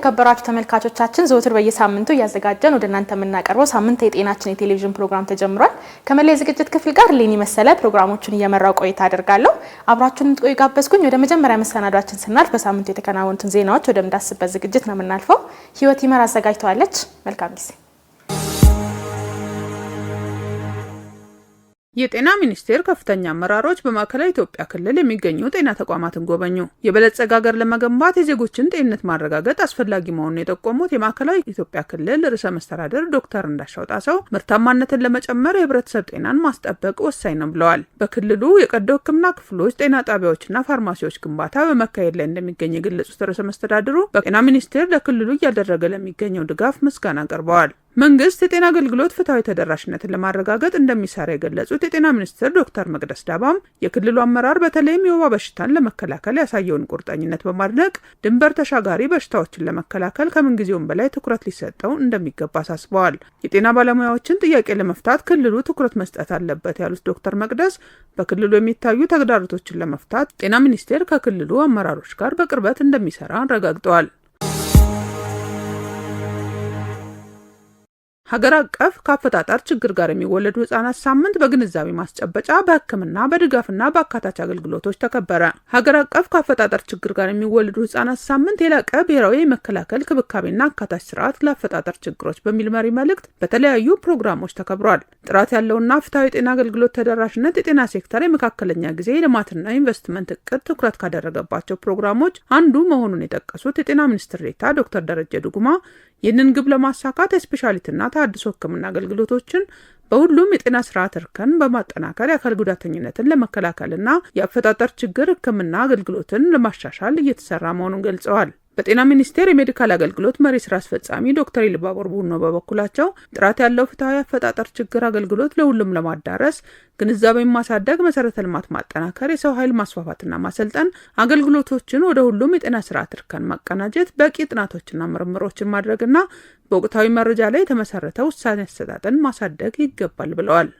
የተከበራችሁ ተመልካቾቻችን ዘወትር በየሳምንቱ እያዘጋጀን ወደ እናንተ የምናቀርበው ሳምንት የጤናችን የቴሌቪዥን ፕሮግራም ተጀምሯል። ከመላ የዝግጅት ክፍል ጋር ሌኒ መሰለ ፕሮግራሞቹን እየመራው ቆይታ አደርጋለሁ። አብራችሁን ጥቆይ ጋበዝኩኝ። ወደ መጀመሪያ መሰናዷችን ስናልፍ በሳምንቱ የተከናወኑትን ዜናዎች ወደምዳስበት ዝግጅት ነው የምናልፈው። ህይወት ይመር አዘጋጅተዋለች። መልካም ጊዜ የጤና ሚኒስቴር ከፍተኛ አመራሮች በማዕከላዊ ኢትዮጵያ ክልል የሚገኙ ጤና ተቋማትን ጎበኙ። የበለጸገ ሀገር ለመገንባት የዜጎችን ጤንነት ማረጋገጥ አስፈላጊ መሆኑን የጠቆሙት የማዕከላዊ ኢትዮጵያ ክልል ርዕሰ መስተዳደር ዶክተር እንዳሻው ጣሰው ምርታማነትን ለመጨመር የህብረተሰብ ጤናን ማስጠበቅ ወሳኝ ነው ብለዋል። በክልሉ የቀዶ ሕክምና ክፍሎች፣ ጤና ጣቢያዎችና ፋርማሲዎች ግንባታ በመካሄድ ላይ እንደሚገኝ የገለጹት ርዕሰ መስተዳድሩ በጤና ሚኒስቴር ለክልሉ እያደረገ ለሚገኘው ድጋፍ ምስጋና አቅርበዋል። መንግስት የጤና አገልግሎት ፍትሐዊ ተደራሽነትን ለማረጋገጥ እንደሚሰራ የገለጹት የጤና ሚኒስትር ዶክተር መቅደስ ዳባም የክልሉ አመራር በተለይም የወባ በሽታን ለመከላከል ያሳየውን ቁርጠኝነት በማድነቅ ድንበር ተሻጋሪ በሽታዎችን ለመከላከል ከምንጊዜውም በላይ ትኩረት ሊሰጠው እንደሚገባ አሳስበዋል። የጤና ባለሙያዎችን ጥያቄ ለመፍታት ክልሉ ትኩረት መስጠት አለበት ያሉት ዶክተር መቅደስ በክልሉ የሚታዩ ተግዳሮቶችን ለመፍታት ጤና ሚኒስቴር ከክልሉ አመራሮች ጋር በቅርበት እንደሚሰራ አረጋግጠዋል። ሀገር አቀፍ ከአፈጣጠር ችግር ጋር የሚወለዱ ህጻናት ሳምንት በግንዛቤ ማስጨበጫ በህክምና በድጋፍና በአካታች አገልግሎቶች ተከበረ። ሀገር አቀፍ ከአፈጣጠር ችግር ጋር የሚወለዱ ህጻናት ሳምንት የላቀ ብሔራዊ የመከላከል ክብካቤና አካታች ስርዓት ለአፈጣጠር ችግሮች በሚል መሪ መልእክት በተለያዩ ፕሮግራሞች ተከብሯል። ጥራት ያለውና ፍትሐዊ የጤና አገልግሎት ተደራሽነት የጤና ሴክተር የመካከለኛ ጊዜ ልማትና ኢንቨስትመንት እቅድ ትኩረት ካደረገባቸው ፕሮግራሞች አንዱ መሆኑን የጠቀሱት የጤና ሚኒስትር ዴኤታ ዶክተር ደረጀ ዱጉማ ይህንን ግብ ለማሳካት የስፔሻሊትና ተሃድሶ ሕክምና አገልግሎቶችን በሁሉም የጤና ስርዓት እርከን በማጠናከር የአካል ጉዳተኝነትን ለመከላከልና የአፈጣጠር ችግር ሕክምና አገልግሎትን ለማሻሻል እየተሰራ መሆኑን ገልጸዋል። በጤና ሚኒስቴር የሜዲካል አገልግሎት መሪ ስራ አስፈጻሚ ዶክተር ይልባቦር ቡኖ በበኩላቸው ጥራት ያለው ፍትሐዊ አፈጣጠር ችግር አገልግሎት ለሁሉም ለማዳረስ ግንዛቤ ማሳደግ፣ መሰረተ ልማት ማጠናከር፣ የሰው ኃይል ማስፋፋትና ማሰልጠን፣ አገልግሎቶችን ወደ ሁሉም የጤና ስርዓት እርከን ማቀናጀት፣ በቂ ጥናቶችና ምርምሮችን ማድረግና በወቅታዊ መረጃ ላይ የተመሰረተ ውሳኔ አሰጣጥን ማሳደግ ይገባል ብለዋል።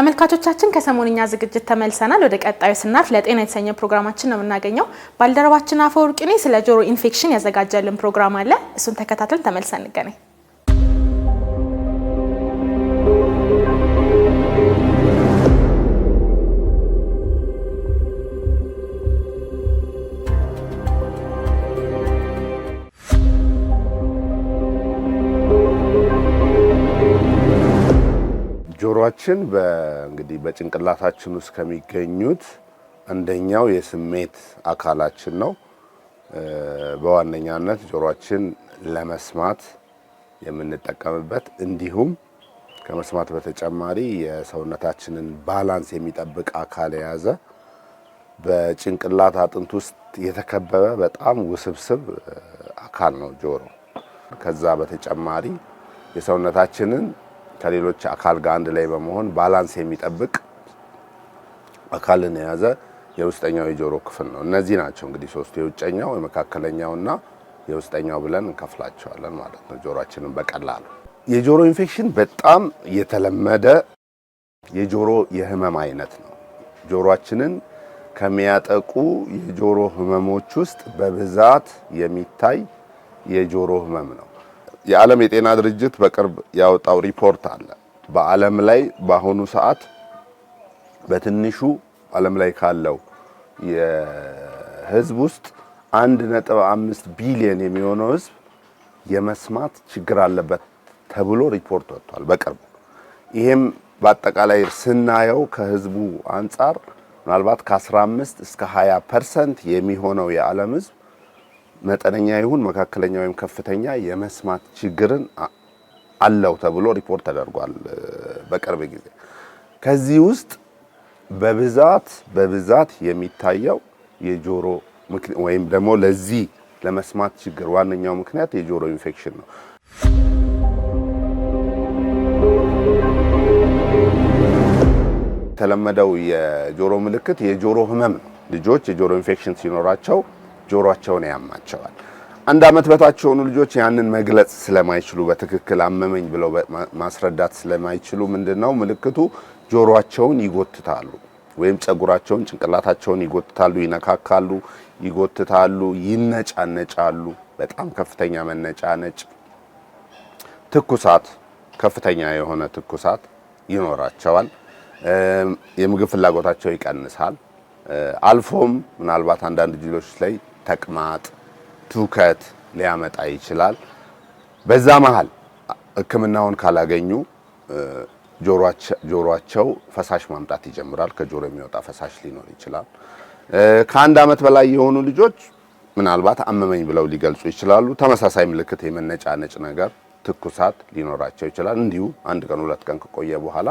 ተመልካቾቻችን ከሰሞንኛ ዝግጅት ተመልሰናል። ወደ ቀጣዩ ስናልፍ ለጤና የተሰኘ ፕሮግራማችን ነው የምናገኘው። ባልደረባችን አፈወርቂኔ ስለ ጆሮ ኢንፌክሽን ያዘጋጀልን ፕሮግራም አለ። እሱን ተከታትለን ተመልሰን እንገናኝ። ጆሮአችን እንግዲህ በጭንቅላታችን ውስጥ ከሚገኙት አንደኛው የስሜት አካላችን ነው። በዋነኛነት ጆሮአችን ለመስማት የምንጠቀምበት እንዲሁም ከመስማት በተጨማሪ የሰውነታችንን ባላንስ የሚጠብቅ አካል የያዘ በጭንቅላት አጥንት ውስጥ የተከበበ በጣም ውስብስብ አካል ነው ጆሮ። ከዛ በተጨማሪ የሰውነታችንን ከሌሎች አካል ጋር አንድ ላይ በመሆን ባላንስ የሚጠብቅ አካልን የያዘ የውስጠኛው የጆሮ ክፍል ነው። እነዚህ ናቸው እንግዲህ ሶስቱ፣ የውጨኛው የመካከለኛውና የውስጠኛው ብለን እንከፍላቸዋለን ማለት ነው። ጆሮአችንን በቀላሉ የጆሮ ኢንፌክሽን በጣም የተለመደ የጆሮ የህመም አይነት ነው። ጆሮአችንን ከሚያጠቁ የጆሮ ህመሞች ውስጥ በብዛት የሚታይ የጆሮ ህመም ነው። የዓለም የጤና ድርጅት በቅርብ ያወጣው ሪፖርት አለ። በዓለም ላይ በአሁኑ ሰዓት በትንሹ ዓለም ላይ ካለው የህዝብ ውስጥ አንድ ነጥብ አምስት ቢሊዮን የሚሆነው ህዝብ የመስማት ችግር አለበት ተብሎ ሪፖርት ወጥቷል በቅርቡ። ይህም በአጠቃላይ ስናየው ከህዝቡ አንጻር ምናልባት ከ15 እስከ 20 ፐርሰንት የሚሆነው የዓለም ህዝብ መጠነኛ ይሁን መካከለኛ ወይም ከፍተኛ የመስማት ችግርን አለው ተብሎ ሪፖርት ተደርጓል በቅርብ ጊዜ። ከዚህ ውስጥ በብዛት በብዛት የሚታየው የጆሮ ወይም ደግሞ ለዚህ ለመስማት ችግር ዋነኛው ምክንያት የጆሮ ኢንፌክሽን ነው። የተለመደው የጆሮ ምልክት የጆሮ ህመም ነው። ልጆች የጆሮ ኢንፌክሽን ሲኖራቸው ጆሮአቸውን ያማቸዋል። አንድ አመት በታች የሆኑ ልጆች ያንን መግለጽ ስለማይችሉ በትክክል አመመኝ ብለው ማስረዳት ስለማይችሉ ምንድነው ምልክቱ ጆሮአቸውን ይጎትታሉ ወይም ጸጉራቸውን ጭንቅላታቸውን ይጎትታሉ፣ ይነካካሉ፣ ይጎትታሉ፣ ይነጫነጫሉ። በጣም ከፍተኛ መነጫነጭ፣ ትኩሳት፣ ከፍተኛ የሆነ ትኩሳት ይኖራቸዋል። የምግብ ፍላጎታቸው ይቀንሳል። አልፎም ምናልባት አንዳንድ ልጆች ላይ ተቅማጥ፣ ትውከት ሊያመጣ ይችላል። በዛ መሀል ህክምናውን ካላገኙ ጆሮቸው ፈሳሽ ማምጣት ይጀምራል። ከጆሮ የሚወጣ ፈሳሽ ሊኖር ይችላል። ከአንድ ዓመት በላይ የሆኑ ልጆች ምናልባት አመመኝ ብለው ሊገልጹ ይችላሉ። ተመሳሳይ ምልክት የመነጫነጭ ነገር፣ ትኩሳት ሊኖራቸው ይችላል። እንዲሁ አንድ ቀን ሁለት ቀን ከቆየ በኋላ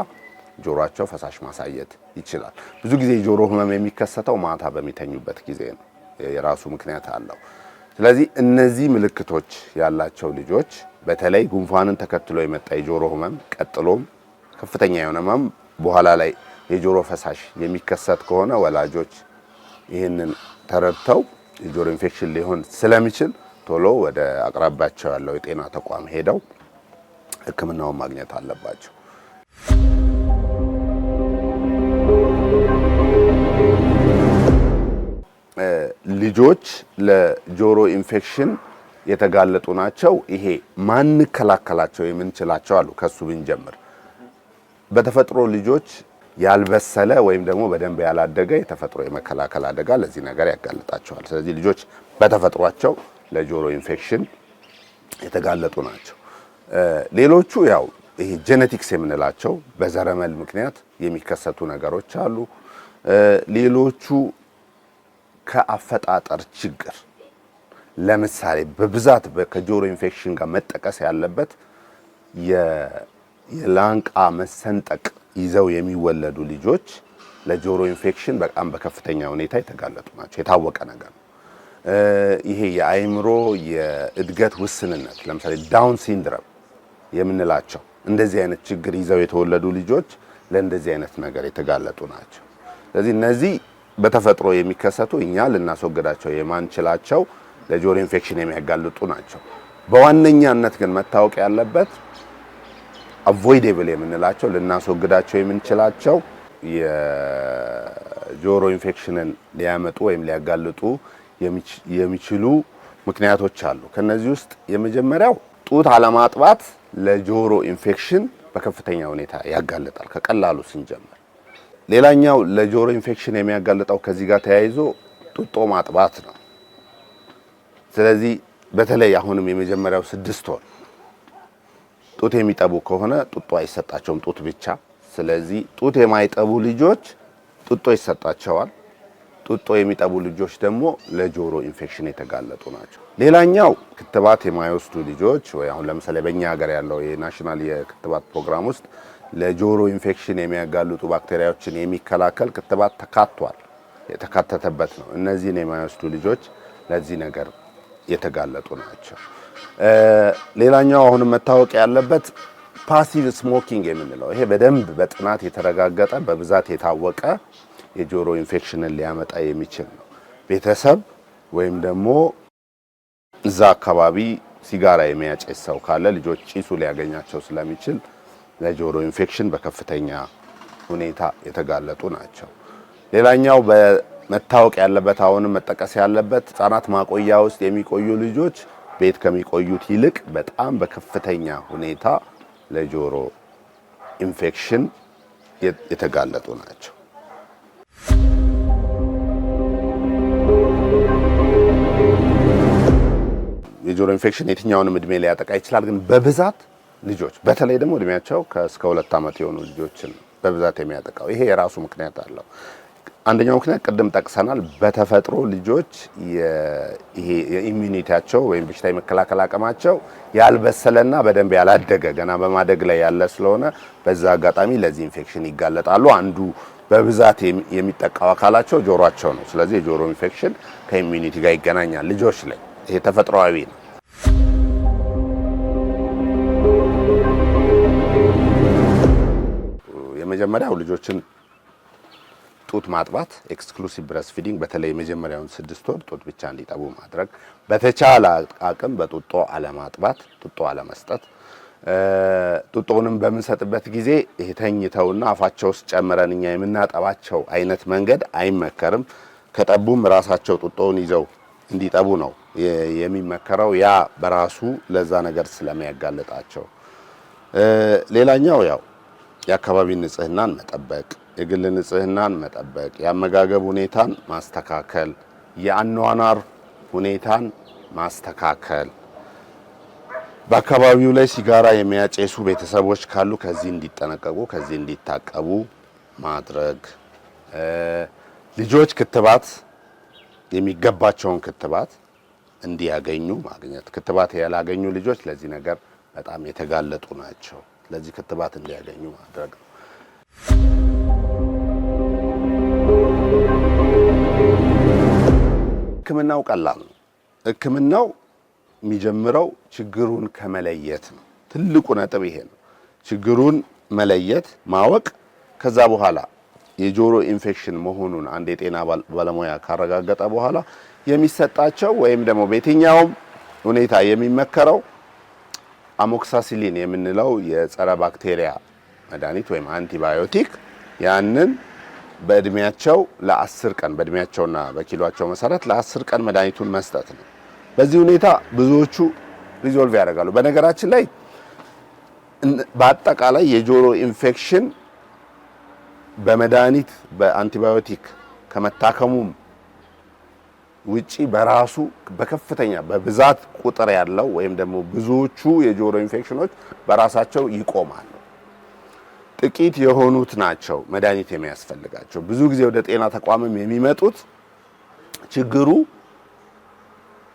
ጆሮቸው ፈሳሽ ማሳየት ይችላል። ብዙ ጊዜ ጆሮ ህመም የሚከሰተው ማታ በሚተኙበት ጊዜ ነው። የራሱ ምክንያት አለው። ስለዚህ እነዚህ ምልክቶች ያላቸው ልጆች በተለይ ጉንፋንን ተከትሎ የመጣ የጆሮ ህመም፣ ቀጥሎም ከፍተኛ የሆነ ህመም፣ በኋላ ላይ የጆሮ ፈሳሽ የሚከሰት ከሆነ ወላጆች ይህንን ተረድተው የጆሮ ኢንፌክሽን ሊሆን ስለሚችል ቶሎ ወደ አቅራቢያቸው ያለው የጤና ተቋም ሄደው ህክምናውን ማግኘት አለባቸው። ልጆች ለጆሮ ኢንፌክሽን የተጋለጡ ናቸው። ይሄ ማንከላከላቸው የምንችላቸው አሉ። ከሱ ብንጀምር በተፈጥሮ ልጆች ያልበሰለ ወይም ደግሞ በደንብ ያላደገ የተፈጥሮ የመከላከል አደጋ ለዚህ ነገር ያጋልጣቸዋል። ስለዚህ ልጆች በተፈጥሯቸው ለጆሮ ኢንፌክሽን የተጋለጡ ናቸው። ሌሎቹ ያው ይሄ ጄኔቲክስ የምንላቸው በዘረመል ምክንያት የሚከሰቱ ነገሮች አሉ። ሌሎቹ ከአፈጣጠር ችግር ለምሳሌ በብዛት ከጆሮ ኢንፌክሽን ጋር መጠቀስ ያለበት የላንቃ መሰንጠቅ ይዘው የሚወለዱ ልጆች ለጆሮ ኢንፌክሽን በጣም በከፍተኛ ሁኔታ የተጋለጡ ናቸው። የታወቀ ነገር ነው። ይሄ የአይምሮ የእድገት ውስንነት ለምሳሌ ዳውን ሲንድረም የምንላቸው እንደዚህ አይነት ችግር ይዘው የተወለዱ ልጆች ለእንደዚህ አይነት ነገር የተጋለጡ ናቸው። ስለዚህ እነዚህ በተፈጥሮ የሚከሰቱ እኛ ልናስወግዳቸው የማንችላቸው ለጆሮ ኢንፌክሽን የሚያጋልጡ ናቸው። በዋነኛነት ግን መታወቅ ያለበት አቮይደብል የምንላቸው ልናስወግዳቸው የምንችላቸው የጆሮ ኢንፌክሽንን ሊያመጡ ወይም ሊያጋልጡ የሚችሉ ምክንያቶች አሉ። ከነዚህ ውስጥ የመጀመሪያው ጡት አለማጥባት ለጆሮ ኢንፌክሽን በከፍተኛ ሁኔታ ያጋልጣል። ከቀላሉ ስንጀምር ሌላኛው ለጆሮ ኢንፌክሽን የሚያጋልጠው ከዚህ ጋር ተያይዞ ጡጦ ማጥባት ነው። ስለዚህ በተለይ አሁንም የመጀመሪያው ስድስት ወር ጡት የሚጠቡ ከሆነ ጡጦ አይሰጣቸውም፣ ጡት ብቻ። ስለዚህ ጡት የማይጠቡ ልጆች ጡጦ ይሰጣቸዋል። ጡጦ የሚጠቡ ልጆች ደግሞ ለጆሮ ኢንፌክሽን የተጋለጡ ናቸው። ሌላኛው ክትባት የማይወስዱ ልጆች ወይ አሁን ለምሳሌ በእኛ ሀገር ያለው የናሽናል የክትባት ፕሮግራም ውስጥ ለጆሮ ኢንፌክሽን የሚያጋልጡ ባክቴሪያዎችን የሚከላከል ክትባት ተካቷል የተካተተበት ነው። እነዚህን የማይወስዱ ልጆች ለዚህ ነገር የተጋለጡ ናቸው። ሌላኛው አሁንም መታወቅ ያለበት ፓሲቭ ስሞኪንግ የምንለው ይሄ በደንብ በጥናት የተረጋገጠ በብዛት የታወቀ የጆሮ ኢንፌክሽንን ሊያመጣ የሚችል ነው። ቤተሰብ ወይም ደግሞ እዛ አካባቢ ሲጋራ የሚያጨስ ሰው ካለ ልጆች ጭሱ ሊያገኛቸው ስለሚችል ለጆሮ ኢንፌክሽን በከፍተኛ ሁኔታ የተጋለጡ ናቸው። ሌላኛው በመታወቅ ያለበት አሁንም መጠቀስ ያለበት ህጻናት ማቆያ ውስጥ የሚቆዩ ልጆች ቤት ከሚቆዩት ይልቅ በጣም በከፍተኛ ሁኔታ ለጆሮ ኢንፌክሽን የተጋለጡ ናቸው። የጆሮ ኢንፌክሽን የትኛውንም እድሜ ሊያጠቃ ይችላል፣ ግን በብዛት ልጆች በተለይ ደግሞ እድሜያቸው እስከ ሁለት ዓመት የሆኑ ልጆችን በብዛት የሚያጠቃው ይሄ የራሱ ምክንያት አለው። አንደኛው ምክንያት ቅድም ጠቅሰናል። በተፈጥሮ ልጆች የኢሚኒቲያቸው ወይም በሽታ የመከላከል አቅማቸው ያልበሰለና በደንብ ያላደገ ገና በማደግ ላይ ያለ ስለሆነ በዛ አጋጣሚ ለዚህ ኢንፌክሽን ይጋለጣሉ። አንዱ በብዛት የሚጠቃው አካላቸው ጆሯቸው ነው። ስለዚህ የጆሮ ኢንፌክሽን ከኢሚኒቲ ጋር ይገናኛል ልጆች ላይ። ይሄ ተፈጥሯዊ ነው። የመጀመሪያው ልጆችን ጡት ማጥባት ኤክስክሉሲቭ ብረስ ፊዲንግ፣ በተለይ የመጀመሪያውን ስድስት ወር ጡት ብቻ እንዲጠቡ ማድረግ፣ በተቻለ አቅም በጡጦ አለማጥባት፣ ጡጦ አለመስጠት። ጡጦውንም በምንሰጥበት ጊዜ ይሄ ተኝተውና አፋቸው ውስጥ ጨምረን እኛ የምናጠባቸው አይነት መንገድ አይመከርም። ከጠቡም ራሳቸው ጡጦውን ይዘው እንዲጠቡ ነው የሚመከረው። ያ በራሱ ለዛ ነገር ስለሚያጋልጣቸው ሌላኛው ያው የአካባቢ ንጽህናን መጠበቅ፣ የግል ንጽህናን መጠበቅ፣ የአመጋገብ ሁኔታን ማስተካከል፣ የአኗኗር ሁኔታን ማስተካከል በአካባቢው ላይ ሲጋራ የሚያጨሱ ቤተሰቦች ካሉ ከዚህ እንዲጠነቀቁ ከዚህ እንዲታቀቡ ማድረግ፣ ልጆች ክትባት የሚገባቸውን ክትባት እንዲያገኙ ማግኘት። ክትባት ያላገኙ ልጆች ለዚህ ነገር በጣም የተጋለጡ ናቸው። ለዚህ ክትባት እንዲያገኙ ማድረግ ነው። ሕክምናው ቀላል ነው። ሕክምናው የሚጀምረው ችግሩን ከመለየት ነው። ትልቁ ነጥብ ይሄ ነው። ችግሩን መለየት ማወቅ፣ ከዛ በኋላ የጆሮ ኢንፌክሽን መሆኑን አንድ የጤና ባለሙያ ካረጋገጠ በኋላ የሚሰጣቸው ወይም ደግሞ በየትኛውም ሁኔታ የሚመከረው አሞክሳሲሊን የምንለው የጸረ ባክቴሪያ መድኃኒት ወይም አንቲባዮቲክ ያንን በእድሜያቸው ለአስር ቀን በእድሜያቸውና በኪሏቸው መሰረት ለአስር ቀን መድኃኒቱን መስጠት ነው። በዚህ ሁኔታ ብዙዎቹ ሪዞልቭ ያደርጋሉ። በነገራችን ላይ በአጠቃላይ የጆሮ ኢንፌክሽን በመድኃኒት በአንቲባዮቲክ ከመታከሙም ውጪ በራሱ በከፍተኛ በብዛት ቁጥር ያለው ወይም ደግሞ ብዙዎቹ የጆሮ ኢንፌክሽኖች በራሳቸው ይቆማሉ። ጥቂት የሆኑት ናቸው መድኃኒት የሚያስፈልጋቸው። ብዙ ጊዜ ወደ ጤና ተቋምም የሚመጡት ችግሩ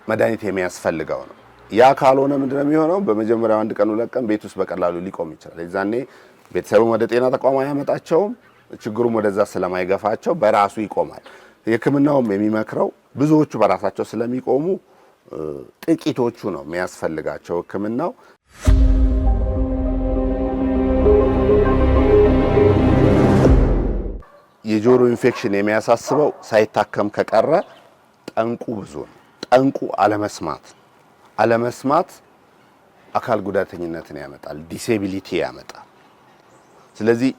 መድኃኒት የሚያስፈልገው ነው። ያ ካልሆነ ምንድን ነው የሚሆነው? በመጀመሪያው አንድ ቀን ሁለት ቀን ቤት ውስጥ በቀላሉ ሊቆም ይችላል። የዛኔ ቤተሰብም ወደ ጤና ተቋም አያመጣቸውም። ችግሩም ወደዛ ስለማይገፋቸው በራሱ ይቆማል። ሕክምናውም የሚመክረው ብዙዎቹ በራሳቸው ስለሚቆሙ ጥቂቶቹ ነው የሚያስፈልጋቸው ህክምናው የጆሮ ኢንፌክሽን የሚያሳስበው ሳይታከም ከቀረ ጠንቁ ብዙ ነው። ጠንቁ አለመስማት፣ አለመስማት አካል ጉዳተኝነትን ያመጣል፣ ዲሴቢሊቲ ያመጣል። ስለዚህ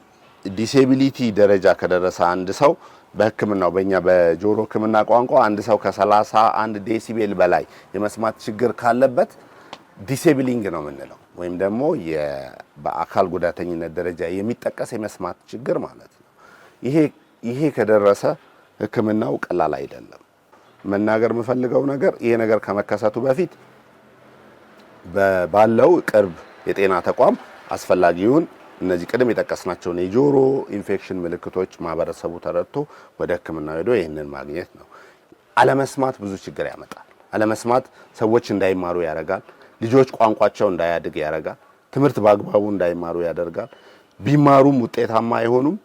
ዲሴቢሊቲ ደረጃ ከደረሰ አንድ ሰው በህክምናው በእኛ በጆሮ ህክምና ቋንቋ አንድ ሰው ከ31 ዴሲቤል በላይ የመስማት ችግር ካለበት ዲሴብሊንግ ነው የምንለው ወይም ደግሞ በአካል ጉዳተኝነት ደረጃ የሚጠቀስ የመስማት ችግር ማለት ነው። ይሄ ከደረሰ ህክምናው ቀላል አይደለም። መናገር የምፈልገው ነገር ይሄ ነገር ከመከሰቱ በፊት ባለው ቅርብ የጤና ተቋም አስፈላጊውን እነዚህ ቅድም የጠቀስናቸውን የጆሮ ኢንፌክሽን ምልክቶች ማህበረሰቡ ተረድቶ ወደ ሕክምና ሄዶ ይህንን ማግኘት ነው። አለመስማት ብዙ ችግር ያመጣል። አለመስማት ሰዎች እንዳይማሩ ያደርጋል። ልጆች ቋንቋቸው እንዳያድግ ያደርጋል። ትምህርት በአግባቡ እንዳይማሩ ያደርጋል። ቢማሩም ውጤታማ አይሆኑም።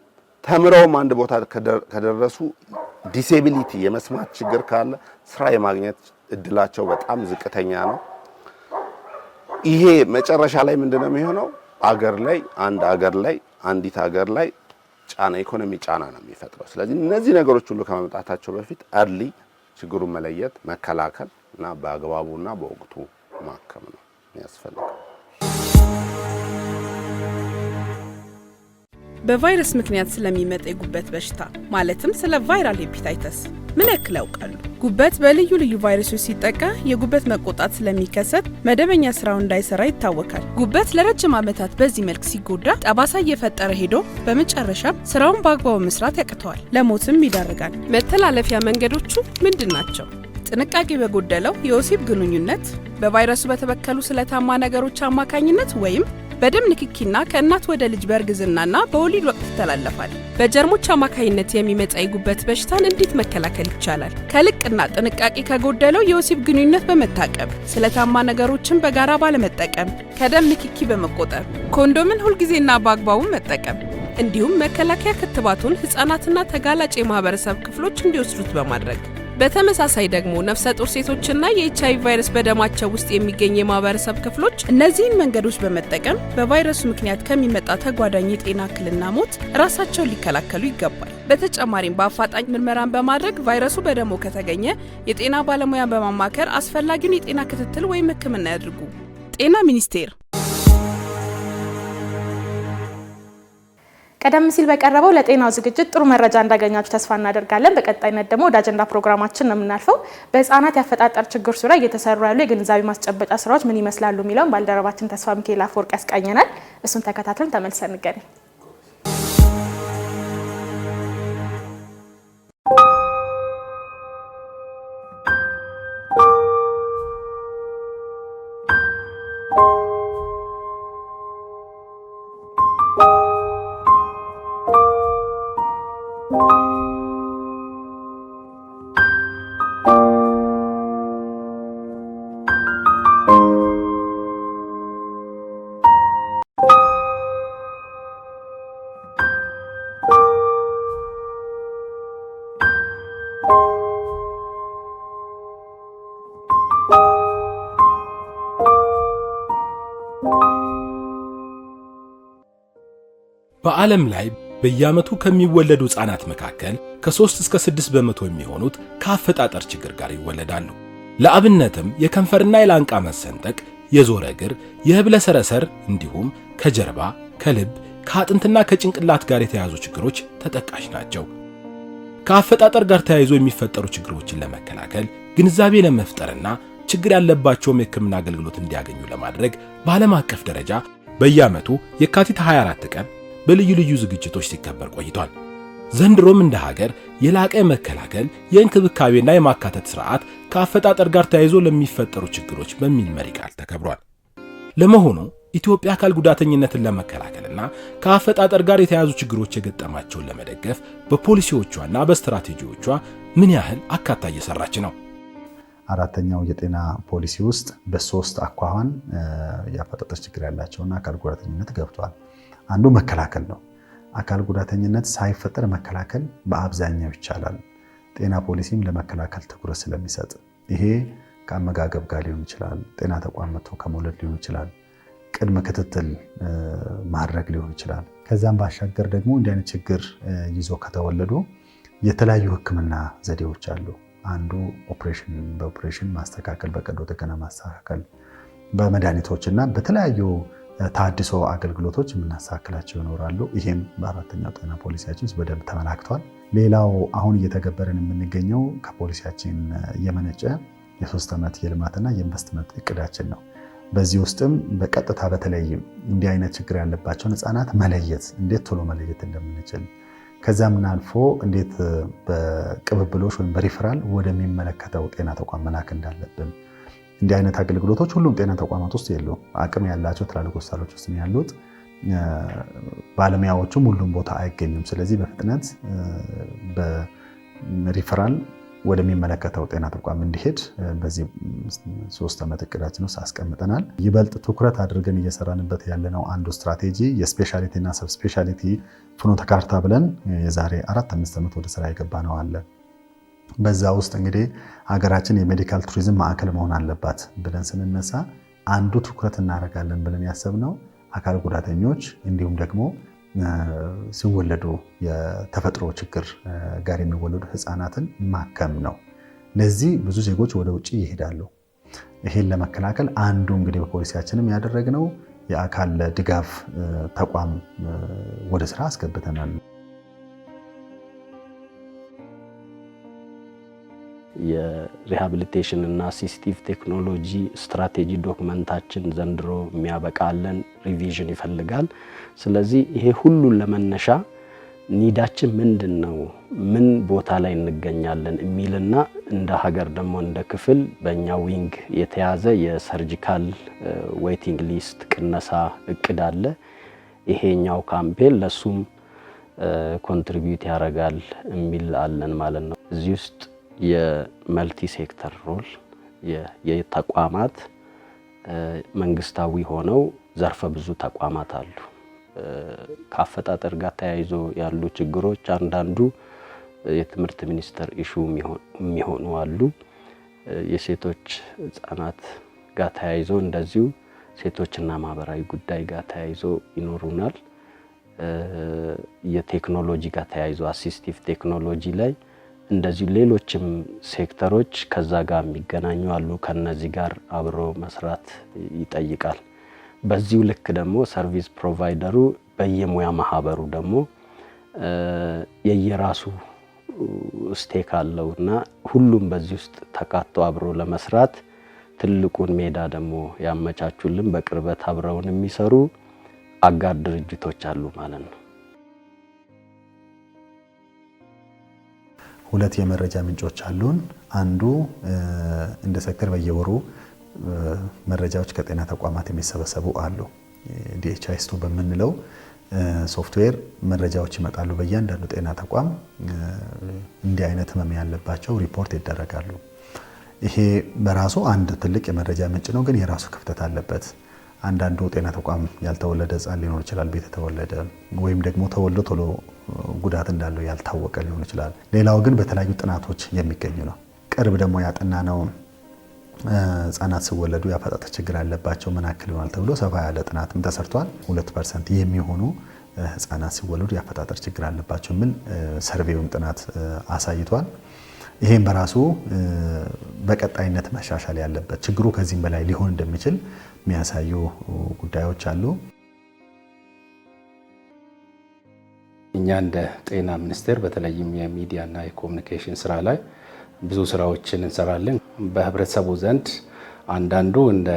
ተምረውም አንድ ቦታ ከደረሱ ዲሴቢሊቲ የመስማት ችግር ካለ ስራ የማግኘት እድላቸው በጣም ዝቅተኛ ነው። ይሄ መጨረሻ ላይ ምንድነው የሚሆነው? አገር ላይ አንድ አገር ላይ አንዲት አገር ላይ ጫና ኢኮኖሚ ጫና ነው የሚፈጥረው። ስለዚህ እነዚህ ነገሮች ሁሉ ከመምጣታቸው በፊት አርሊ ችግሩን መለየት መከላከል እና በአግባቡና በወቅቱ ማከም ነው የሚያስፈልገው በቫይረስ ምክንያት ስለሚመጣ የጉበት በሽታ ማለትም ስለ ቫይራል ሄፒታይተስ ምን ያክል ያውቃሉ? ጉበት በልዩ ልዩ ቫይረሶች ሲጠቃ የጉበት መቆጣት ስለሚከሰት መደበኛ ስራው እንዳይሰራ ይታወካል። ጉበት ለረጅም ዓመታት በዚህ መልክ ሲጎዳ ጠባሳ እየፈጠረ ሄዶ በመጨረሻ ስራውን በአግባቡ መስራት ያቅተዋል፣ ለሞትም ይዳርጋል። መተላለፊያ መንገዶቹ ምንድን ናቸው? ጥንቃቄ በጎደለው የወሲብ ግንኙነት፣ በቫይረሱ በተበከሉ ስለታማ ነገሮች አማካኝነት ወይም በደም ንክኪና ከእናት ወደ ልጅ በእርግዝናና በወሊድ ወቅት ይተላለፋል። በጀርሞች አማካይነት የሚመጣ የጉበት በሽታን እንዴት መከላከል ይቻላል? ከልቅና ጥንቃቄ ከጎደለው የወሲብ ግንኙነት በመታቀብ ስለታማ ነገሮችን በጋራ ባለመጠቀም ከደም ንክኪ በመቆጠብ ኮንዶምን ሁልጊዜና በአግባቡ መጠቀም እንዲሁም መከላከያ ክትባቱን ሕፃናትና ተጋላጭ የማህበረሰብ ክፍሎች እንዲወስዱት በማድረግ በተመሳሳይ ደግሞ ነፍሰ ጡር ሴቶችና የኤች ቫይረስ በደማቸው ውስጥ የሚገኝ የማህበረሰብ ክፍሎች እነዚህን መንገዶች በመጠቀም በቫይረሱ ምክንያት ከሚመጣ ተጓዳኝ የጤና እክልና ሞት ራሳቸውን ሊከላከሉ ይገባል። በተጨማሪም በአፋጣኝ ምርመራን በማድረግ ቫይረሱ በደሞ ከተገኘ የጤና ባለሙያን በማማከር አስፈላጊውን የጤና ክትትል ወይም ሕክምና ያድርጉ። ጤና ሚኒስቴር ቀደም ሲል በቀረበው ለጤናው ዝግጅት ጥሩ መረጃ እንዳገኛችሁ ተስፋ እናደርጋለን። በቀጣይነት ደግሞ ወደ አጀንዳ ፕሮግራማችን ነው የምናልፈው። በህፃናት የአፈጣጠር ችግር ዙሪያ እየተሰሩ ያሉ የግንዛቤ ማስጨበጫ ስራዎች ምን ይመስላሉ የሚለውን ባልደረባችን ተስፋ ሚካኤል አፈወርቅ ያስቃኘናል። እሱን ተከታትለን ተመልሰን እንገናኝ። በዓለም ላይ በየዓመቱ ከሚወለዱ ሕፃናት መካከል ከ3 እስከ 6 በመቶ የሚሆኑት ከአፈጣጠር ችግር ጋር ይወለዳሉ። ለአብነትም የከንፈርና የላንቃ መሰንጠቅ፣ የዞረ እግር፣ የህብለ ሰረሰር እንዲሁም ከጀርባ፣ ከልብ፣ ከአጥንትና ከጭንቅላት ጋር የተያያዙ ችግሮች ተጠቃሽ ናቸው። ከአፈጣጠር ጋር ተያይዞ የሚፈጠሩ ችግሮችን ለመከላከል ግንዛቤ ለመፍጠርና ችግር ያለባቸውም የሕክምና አገልግሎት እንዲያገኙ ለማድረግ በዓለም አቀፍ ደረጃ በየዓመቱ የካቲት 24 ቀን በልዩ ልዩ ዝግጅቶች ሲከበር ቆይቷል። ዘንድሮም እንደ ሀገር የላቀ መከላከል የእንክብካቤና የማካተት ስርዓት ከአፈጣጠር ጋር ተያይዞ ለሚፈጠሩ ችግሮች በሚል መሪ ቃል ተከብሯል። ለመሆኑ ኢትዮጵያ አካል ጉዳተኝነትን ለመከላከልና ከአፈጣጠር ጋር የተያዙ ችግሮች የገጠማቸውን ለመደገፍ በፖሊሲዎቿና በስትራቴጂዎቿ ምን ያህል አካታ እየሰራች ነው? አራተኛው የጤና ፖሊሲ ውስጥ በሶስት አኳኋን የአፈጣጠር ችግር ያላቸውና አካል ጉዳተኝነት ገብቷል። አንዱ መከላከል ነው። አካል ጉዳተኝነት ሳይፈጠር መከላከል በአብዛኛው ይቻላል። ጤና ፖሊሲም ለመከላከል ትኩረት ስለሚሰጥ ይሄ ከአመጋገብ ጋር ሊሆን ይችላል። ጤና ተቋም መጥቶ ከመውለድ ሊሆን ይችላል። ቅድመ ክትትል ማድረግ ሊሆን ይችላል። ከዛም ባሻገር ደግሞ እንዲህ አይነት ችግር ይዞ ከተወለዱ የተለያዩ ሕክምና ዘዴዎች አሉ። አንዱ ኦፕሬሽን፣ በኦፕሬሽን ማስተካከል፣ በቀዶ ጥገና ማስተካከል፣ በመድኃኒቶች እና በተለያዩ ታድሶ አገልግሎቶች የምናስተካክላቸው ይኖራሉ። ይሄም በአራተኛው ጤና ፖሊሲያችን ውስጥ በደንብ ተመላክቷል። ሌላው አሁን እየተገበረን የምንገኘው ከፖሊሲያችን የመነጨ የሶስት ዓመት የልማትና የኢንቨስትመንት እቅዳችን ነው። በዚህ ውስጥም በቀጥታ በተለይም እንዲህ አይነት ችግር ያለባቸውን ህፃናት መለየት እንዴት ቶሎ መለየት እንደምንችል ከዚያም አልፎ እንዴት በቅብብሎች ወይም በሪፈራል ወደሚመለከተው ጤና ተቋም መላክ እንዳለብን እንዲህ አይነት አገልግሎቶች ሁሉም ጤና ተቋማት ውስጥ የሉም። አቅም ያላቸው ትላልቅ ሆስፒታሎች ውስጥ ያሉት። ባለሙያዎቹም ሁሉም ቦታ አይገኙም። ስለዚህ በፍጥነት በሪፈራል ወደሚመለከተው ጤና ተቋም እንዲሄድ በዚህ ሶስት ዓመት እቅዳችን ውስጥ አስቀምጠናል። ይበልጥ ትኩረት አድርገን እየሰራንበት ያለነው አንዱ ስትራቴጂ የስፔሻሊቲ እና ሰብስፔሻሊቲ ፍኖተ ካርታ ብለን የዛሬ አራት አምስት ዓመት ወደ ስራ የገባ ነው አለ በዛ ውስጥ እንግዲህ ሀገራችን የሜዲካል ቱሪዝም ማዕከል መሆን አለባት ብለን ስንነሳ አንዱ ትኩረት እናደርጋለን ብለን ያሰብነው አካል ጉዳተኞች እንዲሁም ደግሞ ሲወለዱ የተፈጥሮ ችግር ጋር የሚወለዱ ህፃናትን ማከም ነው። ለዚህ ብዙ ዜጎች ወደ ውጭ ይሄዳሉ። ይሄን ለመከላከል አንዱ እንግዲህ በፖሊሲያችንም ያደረግነው የአካል ድጋፍ ተቋም ወደ ስራ አስገብተናል። የሪሃብሊቴሽን እና ሲስቲቭ ቴክኖሎጂ ስትራቴጂ ዶክመንታችን ዘንድሮ የሚያበቃለን ሪቪዥን ይፈልጋል። ስለዚህ ይሄ ሁሉን ለመነሻ ኒዳችን ምንድን ነው፣ ምን ቦታ ላይ እንገኛለን የሚልና እንደ ሀገር ደግሞ እንደ ክፍል በእኛ ዊንግ የተያዘ የሰርጂካል ዌይቲንግ ሊስት ቅነሳ እቅድ አለ። ይሄኛው ካምፔን ለሱም ኮንትሪቢዩት ያደርጋል የሚል አለን ማለት ነው እዚህ ውስጥ የመልቲ ሴክተር ሮል የተቋማት መንግስታዊ ሆነው ዘርፈ ብዙ ተቋማት አሉ። ከአፈጣጠር ጋር ተያይዞ ያሉ ችግሮች አንዳንዱ የትምህርት ሚኒስቴር ኢሹ የሚሆኑ አሉ። የሴቶች ህጻናት ጋር ተያይዞ እንደዚሁ ሴቶችና ማህበራዊ ጉዳይ ጋር ተያይዞ ይኖሩናል። የቴክኖሎጂ ጋር ተያይዞ አሲስቲቭ ቴክኖሎጂ ላይ እንደዚሁ ሌሎችም ሴክተሮች ከዛ ጋር የሚገናኙ አሉ። ከነዚህ ጋር አብሮ መስራት ይጠይቃል። በዚሁ ልክ ደግሞ ሰርቪስ ፕሮቫይደሩ በየሙያ ማህበሩ ደግሞ የየራሱ ስቴክ አለው እና ሁሉም በዚህ ውስጥ ተካቶ አብሮ ለመስራት ትልቁን ሜዳ ደግሞ ያመቻቹልን በቅርበት አብረውን የሚሰሩ አጋር ድርጅቶች አሉ ማለት ነው። ሁለት የመረጃ ምንጮች አሉን። አንዱ እንደ ሴክተር በየወሩ መረጃዎች ከጤና ተቋማት የሚሰበሰቡ አሉ። ዲኤችአይስቱ በምንለው ሶፍትዌር መረጃዎች ይመጣሉ። በእያንዳንዱ ጤና ተቋም እንዲህ አይነት ህመም ያለባቸው ሪፖርት ይደረጋሉ። ይሄ በራሱ አንድ ትልቅ የመረጃ ምንጭ ነው፣ ግን የራሱ ክፍተት አለበት። አንዳንዱ ጤና ተቋም ያልተወለደ ህፃን ሊኖር ይችላል፣ ቤት የተወለደ ወይም ደግሞ ተወልዶ ቶሎ ጉዳት እንዳለው ያልታወቀ ሊሆን ይችላል። ሌላው ግን በተለያዩ ጥናቶች የሚገኙ ነው። ቅርብ ደግሞ ያጠና ነው ህጻናት ሲወለዱ የአፈጣጠር ችግር ያለባቸው ምን ያክል ይሆናል ተብሎ ሰፋ ያለ ጥናትም ተሰርቷል። ሁለት ፐርሰንት የሚሆኑ ህጻናት ሲወለዱ የአፈጣጠር ችግር አለባቸው የሚል ሰርቬውም ጥናት አሳይቷል። ይህም በራሱ በቀጣይነት መሻሻል ያለበት ችግሩ ከዚህም በላይ ሊሆን እንደሚችል የሚያሳዩ ጉዳዮች አሉ። እኛ እንደ ጤና ሚኒስቴር በተለይም የሚዲያና የኮሚኒኬሽን ስራ ላይ ብዙ ስራዎችን እንሰራለን። በህብረተሰቡ ዘንድ አንዳንዱ እንደ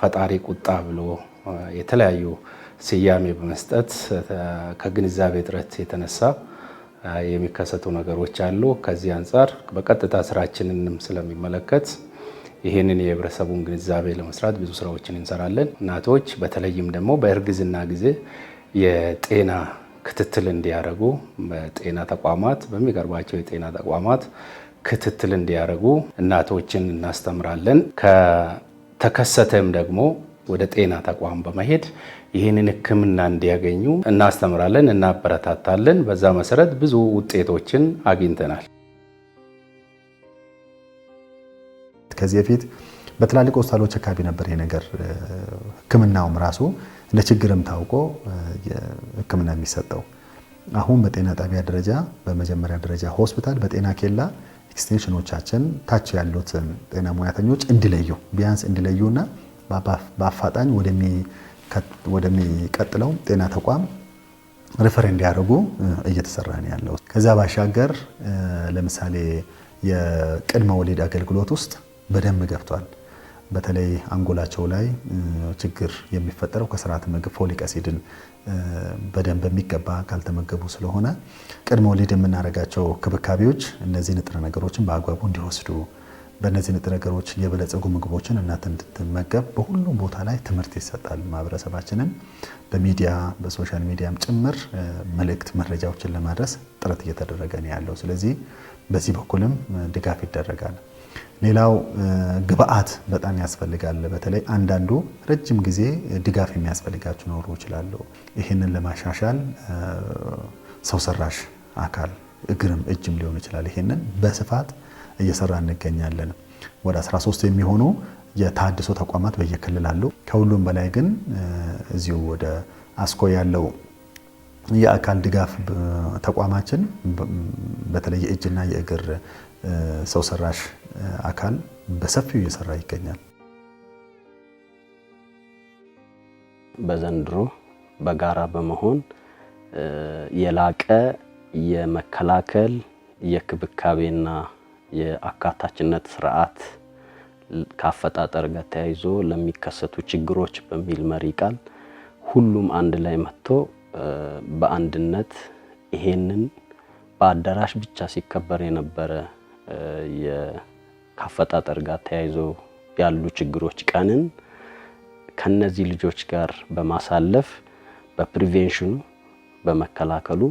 ፈጣሪ ቁጣ ብሎ የተለያዩ ስያሜ በመስጠት ከግንዛቤ እጥረት የተነሳ የሚከሰቱ ነገሮች አሉ። ከዚህ አንጻር በቀጥታ ስራችንንም ስለሚመለከት ይህንን የህብረተሰቡን ግንዛቤ ለመስራት ብዙ ስራዎችን እንሰራለን። እናቶች በተለይም ደግሞ በእርግዝና ጊዜ የጤና ክትትል እንዲያደርጉ በጤና ተቋማት በሚቀርባቸው የጤና ተቋማት ክትትል እንዲያደርጉ እናቶችን እናስተምራለን። ከተከሰተም ደግሞ ወደ ጤና ተቋም በመሄድ ይህንን ሕክምና እንዲያገኙ እናስተምራለን፣ እናበረታታለን። በዛ መሰረት ብዙ ውጤቶችን አግኝተናል። ከዚህ በፊት በትላልቅ ሆስፒታሎች አካባቢ ነበር ይህ ነገር ሕክምናውም ራሱ እንደ ችግርም ታውቆ ሕክምና የሚሰጠው አሁን በጤና ጣቢያ ደረጃ በመጀመሪያ ደረጃ ሆስፒታል በጤና ኬላ ኤክስቴንሽኖቻችን ታች ያሉት ጤና ሙያተኞች እንዲለዩ ቢያንስ እንዲለዩና በአፋጣኝ ወደሚቀጥለው ጤና ተቋም ሪፈር እንዲያደርጉ እየተሰራ ነው ያለው። ከዚያ ባሻገር ለምሳሌ የቅድመ ወሊድ አገልግሎት ውስጥ በደንብ ገብቷል። በተለይ አንጎላቸው ላይ ችግር የሚፈጠረው ከስርዓተ ምግብ ፎሊክ አሲድን በደንብ በሚገባ ካልተመገቡ ስለሆነ ቅድመ ወሊድ የምናደርጋቸው ክብካቤዎች እነዚህ ንጥረ ነገሮችን በአግባቡ እንዲወስዱ በእነዚህ ንጥረ ነገሮች የበለጸጉ ምግቦችን እናት እንድትመገብ በሁሉም ቦታ ላይ ትምህርት ይሰጣል። ማህበረሰባችንን በሚዲያ በሶሻል ሚዲያም ጭምር መልእክት፣ መረጃዎችን ለማድረስ ጥረት እየተደረገ ነው ያለው። ስለዚህ በዚህ በኩልም ድጋፍ ይደረጋል። ሌላው ግብአት በጣም ያስፈልጋል። በተለይ አንዳንዱ ረጅም ጊዜ ድጋፍ የሚያስፈልጋቸው ኖሮ ይችላሉ። ይህንን ለማሻሻል ሰው ሰራሽ አካል እግርም እጅም ሊሆን ይችላል። ይህንን በስፋት እየሰራ እንገኛለን። ወደ 13 የሚሆኑ የታድሶ ተቋማት በየክልል አሉ። ከሁሉም በላይ ግን እዚሁ ወደ አስኮ ያለው የአካል ድጋፍ ተቋማችን በተለይ የእጅና የእግር ሰው ሰራሽ አካል በሰፊው እየሰራ ይገኛል። በዘንድሮ በጋራ በመሆን የላቀ የመከላከል የክብካቤና የአካታችነት ስርዓት ከአፈጣጠር ጋር ተያይዞ ለሚከሰቱ ችግሮች በሚል መሪ ቃል ሁሉም አንድ ላይ መጥቶ በአንድነት ይሄንን በአዳራሽ ብቻ ሲከበር የነበረ ከአፈጣጠር ጋር ተያይዞ ያሉ ችግሮች ቀንን ከነዚህ ልጆች ጋር በማሳለፍ በፕሪቬንሽኑ በመከላከሉ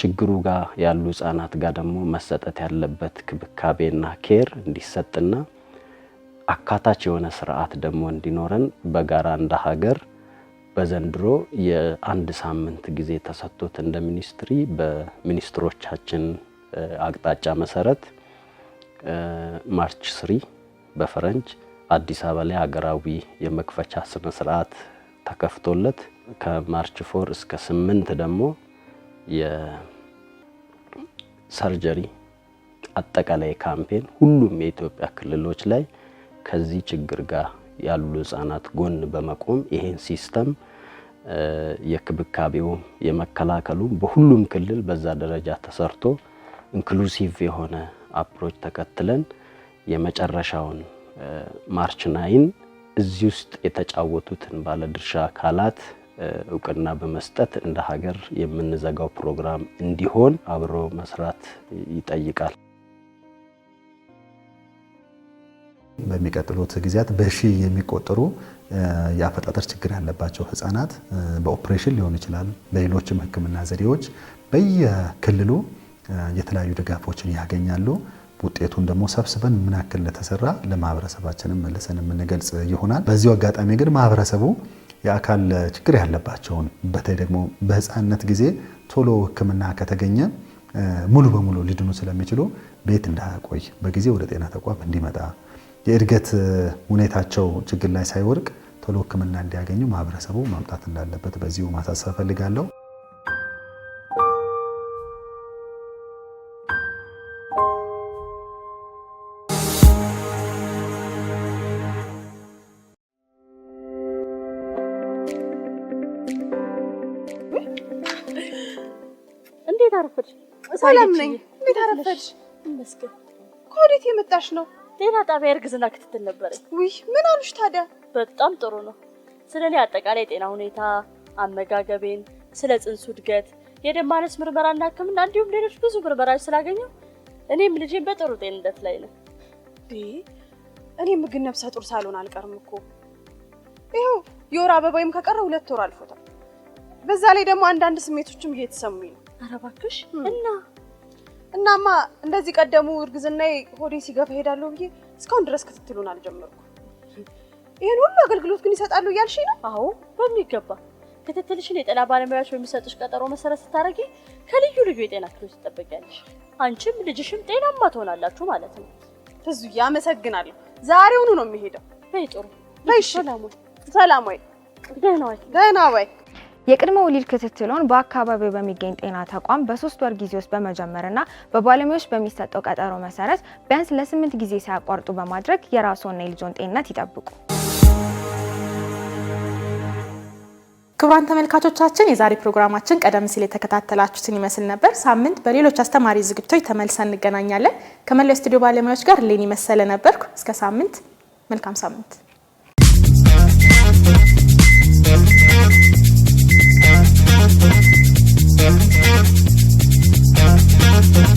ችግሩ ጋር ያሉ ህጻናት ጋር ደግሞ መሰጠት ያለበት ክብካቤና ኬር እንዲሰጥና አካታች የሆነ ስርዓት ደግሞ እንዲኖረን በጋራ እንደ ሀገር በዘንድሮ የአንድ ሳምንት ጊዜ ተሰጥቶት እንደ ሚኒስትሪ በሚኒስትሮቻችን አቅጣጫ መሰረት ማርች ስሪ በፈረንጅ አዲስ አበባ ላይ ሀገራዊ የመክፈቻ ስነ ስርዓት ተከፍቶለት ከማርች ፎር እስከ ስምንት ደግሞ የሰርጀሪ አጠቃላይ ካምፔን ሁሉም የኢትዮጵያ ክልሎች ላይ ከዚህ ችግር ጋር ያሉ ህጻናት ጎን በመቆም ይሄን ሲስተም የክብካቤውም የመከላከሉም በሁሉም ክልል በዛ ደረጃ ተሰርቶ ኢንክሉሲቭ የሆነ አፕሮች ተከትለን የመጨረሻውን ማርች ናይን እዚህ ውስጥ የተጫወቱትን ባለድርሻ አካላት እውቅና በመስጠት እንደ ሀገር የምንዘጋው ፕሮግራም እንዲሆን አብሮ መስራት ይጠይቃል። በሚቀጥሉት ጊዜያት በሺ የሚቆጠሩ የአፈጣጠር ችግር ያለባቸው ህጻናት በኦፕሬሽን ሊሆን ይችላል፣ በሌሎችም ህክምና ዘዴዎች በየክልሉ የተለያዩ ድጋፎችን ያገኛሉ። ውጤቱን ደግሞ ሰብስበን ምን ያክል ለተሰራ ለማህበረሰባችንም መልሰን የምንገልጽ ይሆናል። በዚሁ አጋጣሚ ግን ማህበረሰቡ የአካል ችግር ያለባቸውን በተለይ ደግሞ በህፃንነት ጊዜ ቶሎ ሕክምና ከተገኘ ሙሉ በሙሉ ሊድኑ ስለሚችሉ ቤት እንዳያቆይ በጊዜ ወደ ጤና ተቋም እንዲመጣ የእድገት ሁኔታቸው ችግር ላይ ሳይወድቅ ቶሎ ሕክምና እንዲያገኙ ማህበረሰቡ ማምጣት እንዳለበት በዚሁ ማሳሰብ እፈልጋለሁ። አረፈድሽ? ሰላም ነኝ። እንዴት አረፈድሽ? ይመስገን። ከወዴት የመጣሽ ነው? ሌላ ጣቢያ እርግዝና ክትትል ነበረኝ። ውይ ምን አሉሽ ታዲያ? በጣም ጥሩ ነው። ስለ እኔ አጠቃላይ ጤና ሁኔታ፣ አመጋገቤን፣ ስለ ጽንሱ እድገት፣ የደም ማነስ ምርመራና ሕክምና እንዲሁም ሌሎች ብዙ ምርመራዎች ስላገኘው እኔም ልጄን በጥሩ ጤንነት ላይ ነው። እኔም ግን ነፍሰ ጡር ሳልሆን አልቀርም እኮ ይኸው የወር አበባይም ከቀረ ሁለት ወር አልፎታል። በዛ ላይ ደግሞ አንዳንድ ስሜቶችም እየተሰሙኝ ነው። ኧረ እባክሽ እና እናማ እንደዚህ ቀደሙ እርግዝናዬ ሆዴ ሲገፋ እሄዳለሁ ብዬ እስካሁን ድረስ ክትትሉን አልጀመርኩ። ይህን ሁሉ አገልግሎት ግን ይሰጣሉ እያልሽ ነው? አዎ በሚገባ ክትትልሽን የጤና ባለሙያዎች በሚሰጡሽ ቀጠሮ መሰረት ስታደርጊ ከልዩ ልዩ የጤና ክፍሎች ትጠበቂያለሽ። አንቺም ልጅሽም ጤናማ ትሆናላችሁ ማለት ነው። ብዙዬ አመሰግናለሁ። ዛሬውኑ ነው የሚሄደው። በይ ጥሩ። በይ ሰላም ወይ፣ ደህና ወይ፣ ደህና ወይ። የቅድመ ወሊድ ክትትሉን በአካባቢው በሚገኝ ጤና ተቋም በሶስት ወር ጊዜ ውስጥ በመጀመርና በባለሙያዎች በሚሰጠው ቀጠሮ መሰረት ቢያንስ ለስምንት ጊዜ ሳያቋርጡ በማድረግ የራስዎና የልጆን ጤንነት ይጠብቁ። ክቡራን ተመልካቾቻችን የዛሬ ፕሮግራማችን ቀደም ሲል የተከታተላችሁትን ይመስል ነበር። ሳምንት በሌሎች አስተማሪ ዝግጅቶች ተመልሰን እንገናኛለን። ከመላው ስቱዲዮ ባለሙያዎች ጋር ሌኒ መሰለ ነበርኩ። እስከ ሳምንት መልካም ሳምንት Thank you.